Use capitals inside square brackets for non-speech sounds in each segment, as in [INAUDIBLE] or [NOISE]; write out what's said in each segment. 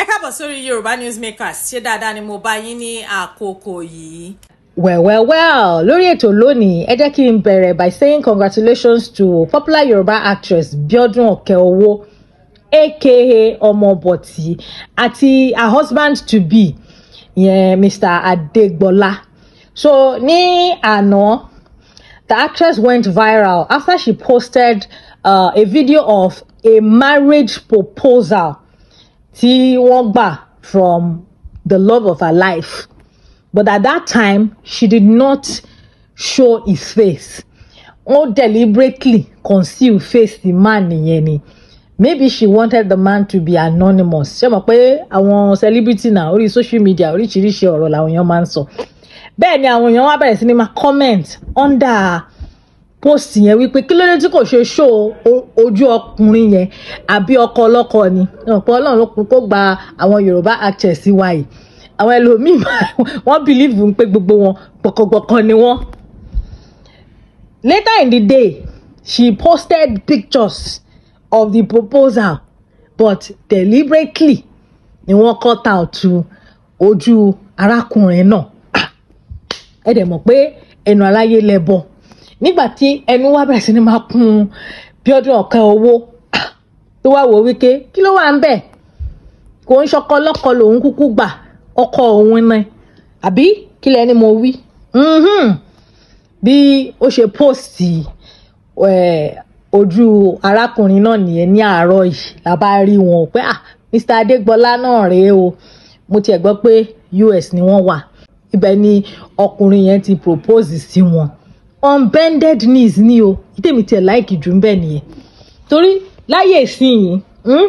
ẹ káàbọ̀ sórí yorùbá newsmakers ṣé dáadáa ni mo bá yín ní àkókò yìí. Well, well, well, lórí ètò lónìí, ẹ jẹ́ kí n bẹ̀rẹ̀ by saying congratulations to popular Yoruba actress Biodun Okeowo aka Omoboti àti her husband to be yẹn Mr. Adegbola. So ní àná, the actress went viral after she posted uh, a video of a marriage proposal tí wọ́n gbà from the love of her life but at that time she did not show his face or deliberately conceal face the man nìyẹn ni maybe she wanted the man to be anonymous ṣé mọ̀ pé àwọn celebrity náà orí social media oríṣiríṣi ọ̀rọ̀ làwọn èèyàn máa ń sọ bẹ́ẹ̀ ni àwọn èèyàn wá bẹ̀rẹ̀ sí ni máa comment under post yẹn wípé kí ló dé tí kò ṣe ṣó ojú ọkùnrin yẹn àbí ọkọ ọlọ́kọ ni ọ̀pọ̀ ọlọ́run kó gba àwọn yorùbá actress wa yìí àwọn ẹlòmíì [LAUGHS] wọ́n believe ń pé gbogbo wọn gbọ̀kọ̀gbọ̀kọ̀ ni wọ́n. later in the day she posted pictures of the proposal but deliberately ni wọ́n cut out ojú arákùnrin náà ah! ẹ dẹ̀ mọ̀ pé ẹnu aláyé lẹ́bọ̀ọ́ nígbà tí ẹnu wa bẹ̀rẹ̀ sí ni máa kún un bí ọdún ọ̀kan owó ah, tó wá wò wíké kí ló wà ń bẹ̀ kò ń ṣọkọ lọ́kọ lòun kúkú gbà ọkọ òun ni àbí kí lẹ́ni mo wí bí ó ṣe póòsì ojú arákùnrin náà nìyẹn ní àárọ̀ yìí la bá rí wọn pé ah Mr Adégbọlá náà rèé o mo tiẹ̀ gbọ́ pé US ni wọ́n wà ibẹ̀ ni ọkùnrin yẹn ti propose sí wọn on bended knees ni o tèmi tiẹ̀ láìkì jù ń bẹ̀ nìyẹn torí láyé ìsinyìí hmm,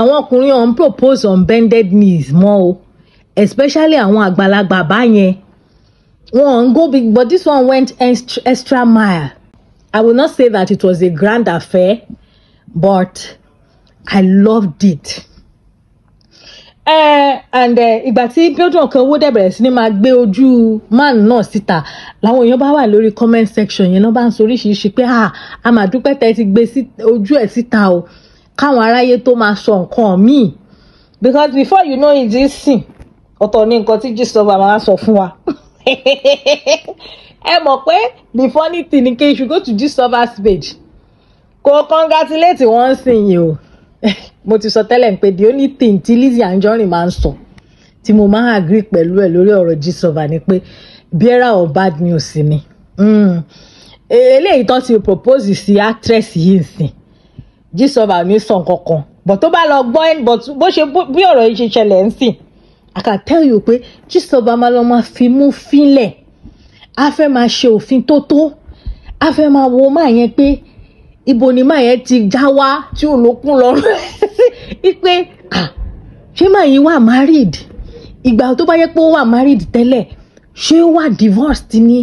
àwọn ọkùnrin on propose on bended knees mọ́ o especially àwọn àgbàlagbà báyẹn wọn go big but this one went extra mile I will not say that it was a grand affair but I loved it Eh, and eh, ìgbà tí bíọ́dún ọ̀kan owó dẹ̀ bẹ̀rẹ̀ sí ni máa gbé ojú man náà síta làwọn èèyàn bá wà lórí comment section yẹn náà bá ń sọ oríṣiríṣi pé ah, a máa dúpẹ́ tẹ́ ti gbé ojú ẹ̀ síta o káwọn aráyé tó máa sọ nǹkan míì because before you know it is sin ọ̀tọ̀ ní nǹkan tí jesus ọba máa sọ fún wa [LAUGHS] ẹ mọ̀ pé the funny thing ni kí you should go to jesus ọba's page kò congratulate wọ́n sìn yìí o. [LAUGHS] mo ti sọ tẹ́lẹ̀ pé the only thing tí Lizzy Anjorin máa ń sọ tí mo máa ń agree pẹ̀lú ẹ̀ lórí ọ̀rọ̀ Gistlover ni pé bearer of bad news ni mm. e, eléyìí tó ti propose sí actress yìí sìn Gistlover ní sàn kankan but tó bá lọ gbọ́ but bó ṣe bí ọ̀rọ̀ yìí ṣe ṣẹlẹ̀ ń sìn I can tell you pé Gistlover máa lọ máa fi mú fínlẹ̀ a fẹ́ máa ṣe òfin tó tó a fẹ́ máa wo máa yẹn pé ibo ni máa yẹn ti já wá tí òun ló kún lọ́rùn wípé ṣé màá yìí wà married ìgbà tó bá yẹ pé ó wà married tẹ́lẹ̀ ṣé ó wà divorced ni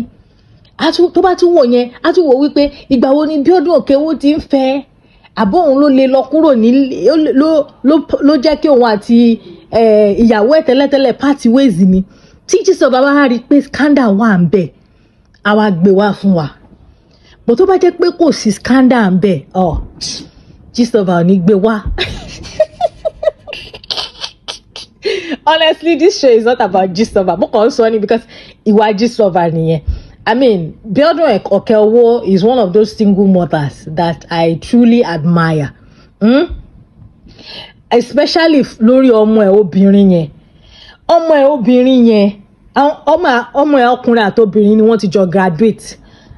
tó bá tún wò yẹn á tún wò wípé ìgbà wo ni Bíọ́dún Òkèwò ti ń fẹ́ àbọ̀ òun ló lè lọ kúrò ní ló jẹ́ kí òun àti ìyàwó ẹ̀ tẹ́lẹ̀tẹ́lẹ̀ party ways ni títí sọ bàbá wa rí i pé scandal wà ń bẹ̀ àwa gbé wá fún wa bó tó bá jẹ́ pé kò sí scandal ń bẹ̀ ọ̀. Oh. Gistova, ò ní gbé wá. honestly this show is not about Gistova. mo kàn ń sọ ni because ìwà Gistlover nìyẹn i mean Biodun Okeowo is one of those single mothers that i truly admire mm? especially lórí ọmọ ẹ obìnrin yẹn ọmọ ẹ obìnrin yẹn ọmọ ẹ ọkùnrin àtobìnrin ni wọ́n ti jọ graduate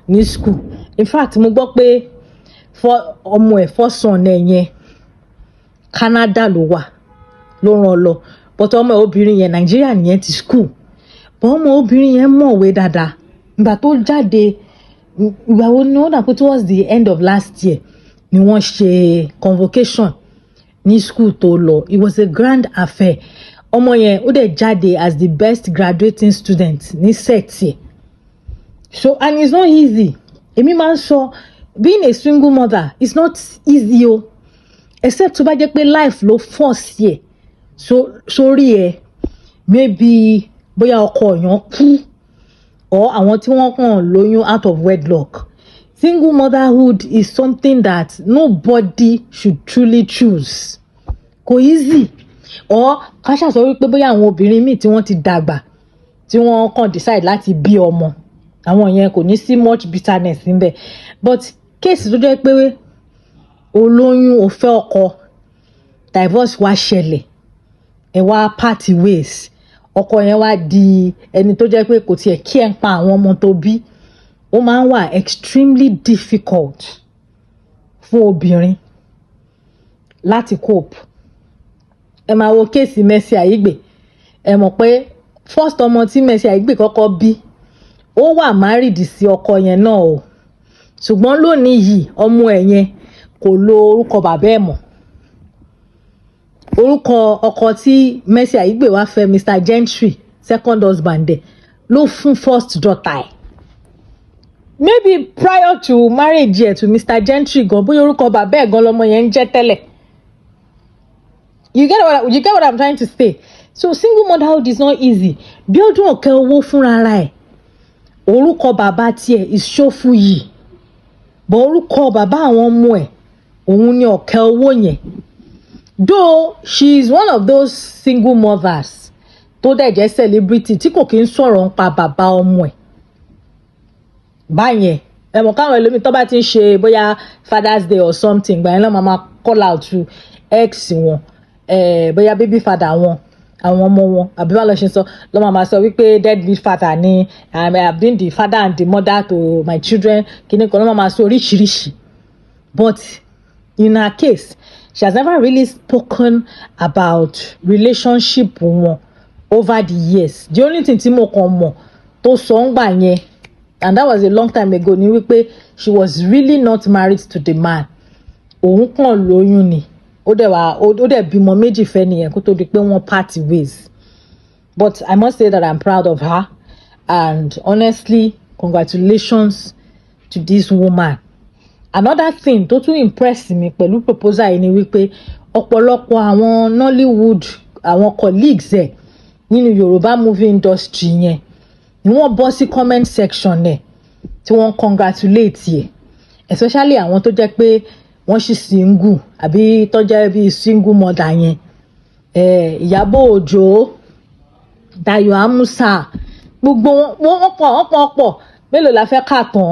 ní school in fact mo gbọ́ pé ọmọ ẹ̀ fọ́sàn ẹ̀ yẹn Canada ló wà ló ràn lọ but ọmọ ẹ̀ obìnrin yẹn Nàìjíríà nìyẹn ti school but ọmọ obìnrin yẹn mọ̀wé dáadáa ìgbà tó jáde ìgbà wo ni wọ́n dà pé towards the end of last year ni wọ́n ṣe convocation ní school tó lọ it was a grand affair ọmọ yẹn ó dẹ̀ jáde as the best graduating student ní sec so and it's not easy èmi máa ń sọ. So, being a single mother is not easy o except to bá jẹ́ pé life ló force yẹ sórí ẹ maybe bóyá ọkọ èèyàn kú or àwọn tí wọ́n kàn lóyún out of wedlock single motherhood is something that nobody should truly choose kò easy or ká ṣàṣọ wípé bóyá àwọn obìnrin míì tí wọ́n ti dàgbà tí wọ́n kàn decide láti bí ọmọ àwọn yẹn kò ní sí much bitterness níbẹ̀ but kéèsì tó jẹ́ pé olóyún ò fẹ́ ọkọ divorce wá ṣẹlẹ̀ ẹ wá party ways ọkọ yẹn wá di ẹni tó jẹ́ pé kò tiẹ̀ kí ẹ̀ ń pa àwọn ọmọ tó bí ó máa ń wà extremely difficult fún obìnrin láti cope ẹ máa wo kéèsì Mercy Aigbe ẹ mọ̀ pé first ọmọ tí Mercy Aigbe kọ́kọ́ bí ó wà married sí ọkọ yẹn náà o. No ṣùgbọ́n lónìí yìí ọmọ ẹ̀ yẹn kò lo orúkọ bàbá ẹ̀ mọ́ orúkọ ọkọ tí Mercy Aigbe wá fẹ́ Mr Gentry second husband ẹ̀ ló fún first daughter ẹ̀ maybe prior to marriage ẹ̀ to Mr Gentry gan bóyá orúkọ bàbá ẹ̀ gan lọmọ yẹn ń jẹ́ tẹ́lẹ̀ you get what you get what I'm trying to say so single motherhood is not easy bí ọdún ọ̀kẹ́ owó fúnra rẹ̀ orúkọ bàbá tiẹ̀ is ṣófù yìí bọ̀ orúkọ bàbá àwọn ọmọ ẹ̀ òun ni ọ̀kẹ́ owó yẹn though she is one of those single mothers tó dẹ̀ jẹ́ celebrity tí kò kí ń sọ̀rọ̀ ń pa bàbá ọmọ ẹ̀ báyẹn ẹ̀mọ̀ káwọn ẹlòmíì tó bá ti ń ṣe bóyá father's day or something gbàyẹn náà máa call out to ex wọn eh, bóyá baby father wọn àwọn ọmọ wọn àbí wọn lọ ṣe sọ lọ máa máa sọ wípé deadbeat father ni um, I have been the father and the mother to my children kíní kan lọ máa máa sọ oríṣiríṣi but in her case she has never really spoken about relationship wọn over the years the only thing tí mo kàn mọ̀ tó sọ ń gbà yẹn and that was a long time ago ni wípé she was really not married to the man òun kàn lóyún ni ó dẹ̀ wá ó dẹ̀ bímọ méjì fẹ́ nìyẹn kó tó di pé wọ́n part ways but I must say that I'm proud of her and honestly congratulations to this woman another thing tó tún impress mi pẹ̀lú proposal yìí ni wípé ọ̀pọ̀lọpọ̀ àwọn Nollywood àwọn colleagues ẹ̀ nínú Yorùbá movie industry yẹn ni wọ́n bọ́ sí comment section ẹ̀ tí wọ́n congratulate yẹ especially àwọn tó jẹ́ pé wọ́n sì single àbí tọ́jà bíi single mother yẹn eh, Ìyábọ̀ Òjó Dayọ̀ Amusa gbogbo wọn ọ̀pọ̀ ọ̀pọ̀ ọ̀pọ̀ mélòó la fẹ́ kà tán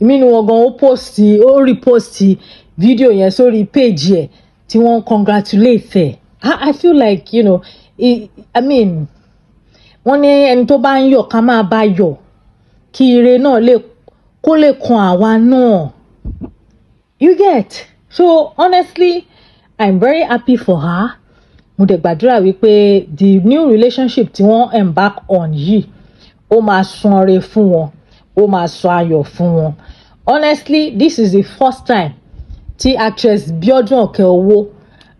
èmi ni wọn gan ó post ó repost fídíò yẹn sórí péèjì ẹ̀ tí wọ́n congratulate ẹ̀ I, feel like you know it, I mean wọ́n ní ẹni tó bá ń yọ̀ ká máa bá yọ̀ kí ire náà lè kó lè kan àwa náà. No you get so honestly i'm very happy for her mo dẹ̀ gbàdúrà wípé the new relationship tí wọ́n embark on yìí ó máa sun ọrẹ fún wọn ó máa sun ayọ̀ fún wọn honestly this is the first time ti actress Bíọ́dún Òkèowó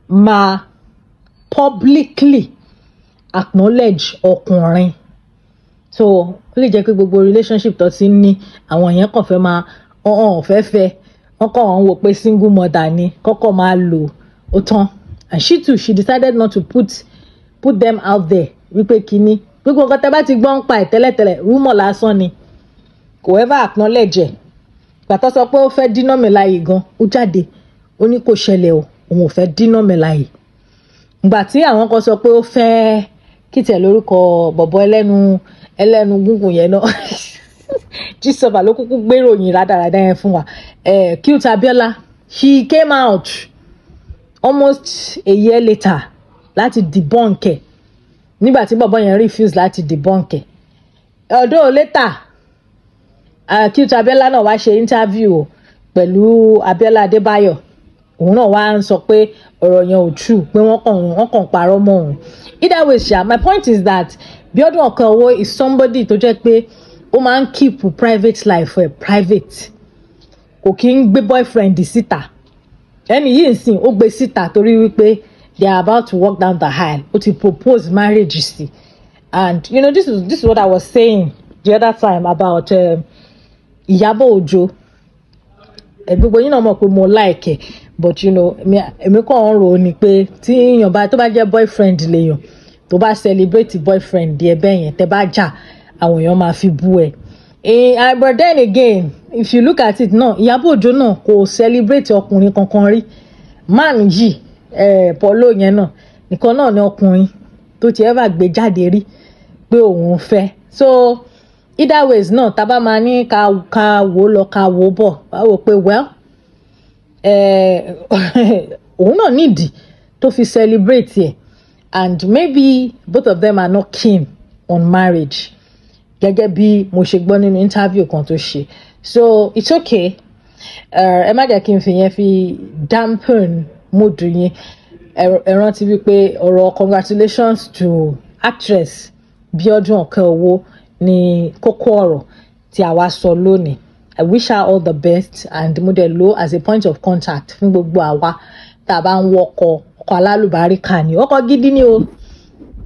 ma publicly acknowledge ọkùnrin so ó lè jẹ́ pé gbogbo relationship tó ti ń ní àwọn èèyàn kàn fẹ́ máa ọ̀hún ọ̀fẹ́fẹ́ kọ́kọ́ ń wò pé single mother ni kọ́kọ́ máa lò ó tán and she too she decided not to put put them out there wípé kínní gbogbo nǹkan tẹ́ bá ti gbọ́ ń pa ẹ̀ tẹ́lẹ̀tẹ́lẹ̀ rúmọ̀ lásán ni kò ever acknowledge ẹ̀ gbàtọ́ sọ pé ó fẹ́ dínà mi gan ó jáde ó ní kò ṣẹlẹ̀ o òun ò fẹ́ dínà mi láàyè ìgbà tí àwọn kan sọ pé ó fẹ́ kìtẹ̀ lórúkọ bọ̀bọ̀ ẹlẹ́nu ẹlẹ́nu gúngùn yẹn náà [LAUGHS] Gistlover ló kúkú gbéròyìn rádaràdá yẹn fún wa Cute Abiola she came out almost a year later láti debunk ẹ̀ nígbà tí bàbá yẹn refuse láti debunk ẹ̀ ọ̀dọ́ later uh, Cute Abiola náà wá ṣe interview o pẹ̀lú Abiola Adébáyọ̀ òun náà wá ń sọ pé ọ̀rọ̀ yẹn ò true pé wọ́n kàn wọ́n kàn parọ́ mọ́ òun either way ṣá my point is that Bíọ́dún Ọ̀kanòwò is somebody tó jẹ́ pé ó máa ń keep private life ẹ̀ private kò kí ń gbé boyfriend síta ẹni yìí ń sìn ó gbé síta torí wípé they are about to walk down the aisle ó ti propose marriage sí and you know this is this is what I was saying the other time about um, Ìyábọ̀ um, Òjó gbogbo yín náà mọ̀ pé mo like ẹ̀ but you know èmi kàn ń rò ó ni pé tí èèyàn bá tó bá jẹ́ boyfriend lèèyàn tó bá celebrate boyfriend ẹ̀ bẹ́ẹ̀ yẹn tẹ́ bá jà. Ja àwọn èèyàn máa fi bú ẹ. Eh, but then again if you look at it náà Ìyábọ̀ Òjó náà kò celebrate ọkùnrin kankan rí man yìí eh, polo yẹn náà nìkan náà ni ọkùnrin tó ti ever gbé jáde rí pé òun fẹ́ so either ways náà tá a bá máa ní ká ká wò lọ ká wò bọ̀ wá pé well eh, [LAUGHS] òun náà nídìí tó fi celebrate ẹ̀ and maybe both of them are not keen on marriage gẹ́gẹ́ bí mo ṣe gbọ́ nínú interview kan tó ṣe so it's okay uh, ẹ má jẹ́ kí n fi yẹn fi dampen mood yín ẹ rántí wípé ọ̀rọ̀ congratulations to actress Bíọ́dún Ọ̀kẹ́owó ní kókó ọ̀rọ̀ tí a wá sọ lónìí I wish her all the best and mo dẹ̀ lo as a point of contact fún gbogbo àwa tá a bá ń wọkọ̀ ọkọ̀ alálùbáríkà ni ọkọ̀ gidi ni o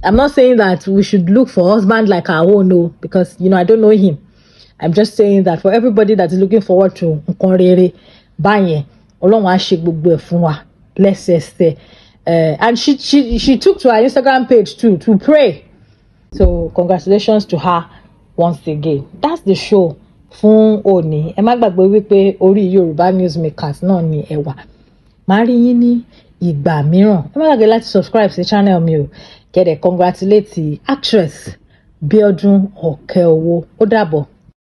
I'm not saying that we should look for husband like our own, no, because you know I don't know him. I'm just saying that for everybody that is looking forward to nǹkan Banye, báyẹn Ọlọ́run á ṣe gbogbo ẹ̀ eh, And she she she took to her Instagram page too to pray. So congratulations to her once again. That's the show fún òní. Ẹ má gbàgbé wípé orí Yorùbá Newsmakers No ni ewa. Marini iba rí yín ní ìgbà mìíràn. Ẹ má gbàgbé subscribe sí channel mi kẹ̀dẹ̀ congratulate actress Bíọ́dún Òkèowó ó dàbọ̀.